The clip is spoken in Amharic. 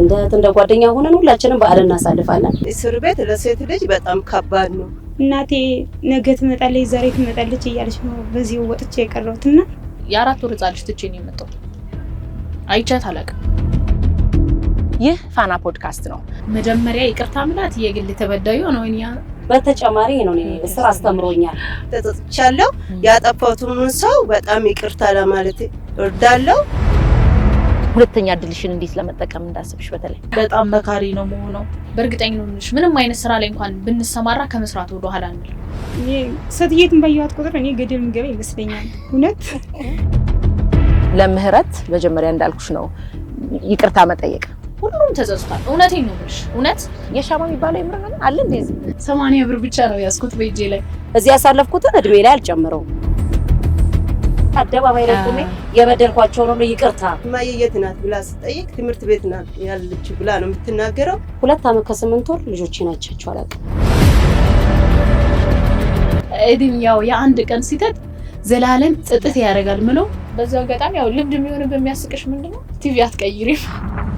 እንደ እንደ ጓደኛ ሆነን ሁላችንም በዓል እናሳልፋለን። እስር ቤት ለሴት ልጅ በጣም ከባድ ነው። እናቴ ነገ ትመጣለች፣ ዛሬ ትመጣለች እያለች ነው በዚህ ወጥቼ የቀረሁት እና የአራት ወር ህጻን ልጅ ትቼ ነው የመጣሁት። አይቻት አላውቅም። ይህ ፋና ፖድካስት ነው። መጀመሪያ ይቅርታ ምላት የግል ተበዳዩ ነው። እኛ በተጨማሪ ነው እስር አስተምሮኛል። ተጠጥቻለሁ። ያጠፋሁትን ሰው በጣም ይቅርታ ለማለት እወዳለሁ። ሁለተኛ እድልሽን እንዴት ለመጠቀም እንዳስብሽ በተለይ በጣም መካሪ ነው መሆነው። በእርግጠኝ በእርግጠኝነት ምንም አይነት ስራ ላይ እንኳን ብንሰማራ ከመስራት ወደ ኋላ አንል። ሴትየትን ባየኋት ቁጥር እኔ ገደል ምገበ ይመስለኛል። እውነት ለምህረት መጀመሪያ እንዳልኩሽ ነው ይቅርታ መጠየቅ። ሁሉም ተዘዝቷል። እውነቴን ነው የምልሽ። እውነት የሻማ የሚባለው የምር አለ እንዴ? ሰማንያ ብር ብቻ ነው ያስኩት በእጄ ላይ። እዚህ ያሳለፍኩትን እድሜ ላይ አልጨምረውም አደባባይ ላይ ቆሜ የበደልኳቸውን ሁሉ ይቅርታ እማዬ የት ናት ብላ ስጠይቅ ትምህርት ቤት ናት ያለች ብላ ነው የምትናገረው። ሁለት ዓመት ከስምንት ወር ልጆች አይቻቸው አላውቅም። እድሜያው የአንድ ቀን ሲተት ዘላለም ጽጥት ያደርጋል ምለው በዛው አጋጣሚ ያው ልምድ የሚሆን በሚያስቅሽ ምንድነው ቲቪ አትቀይሪም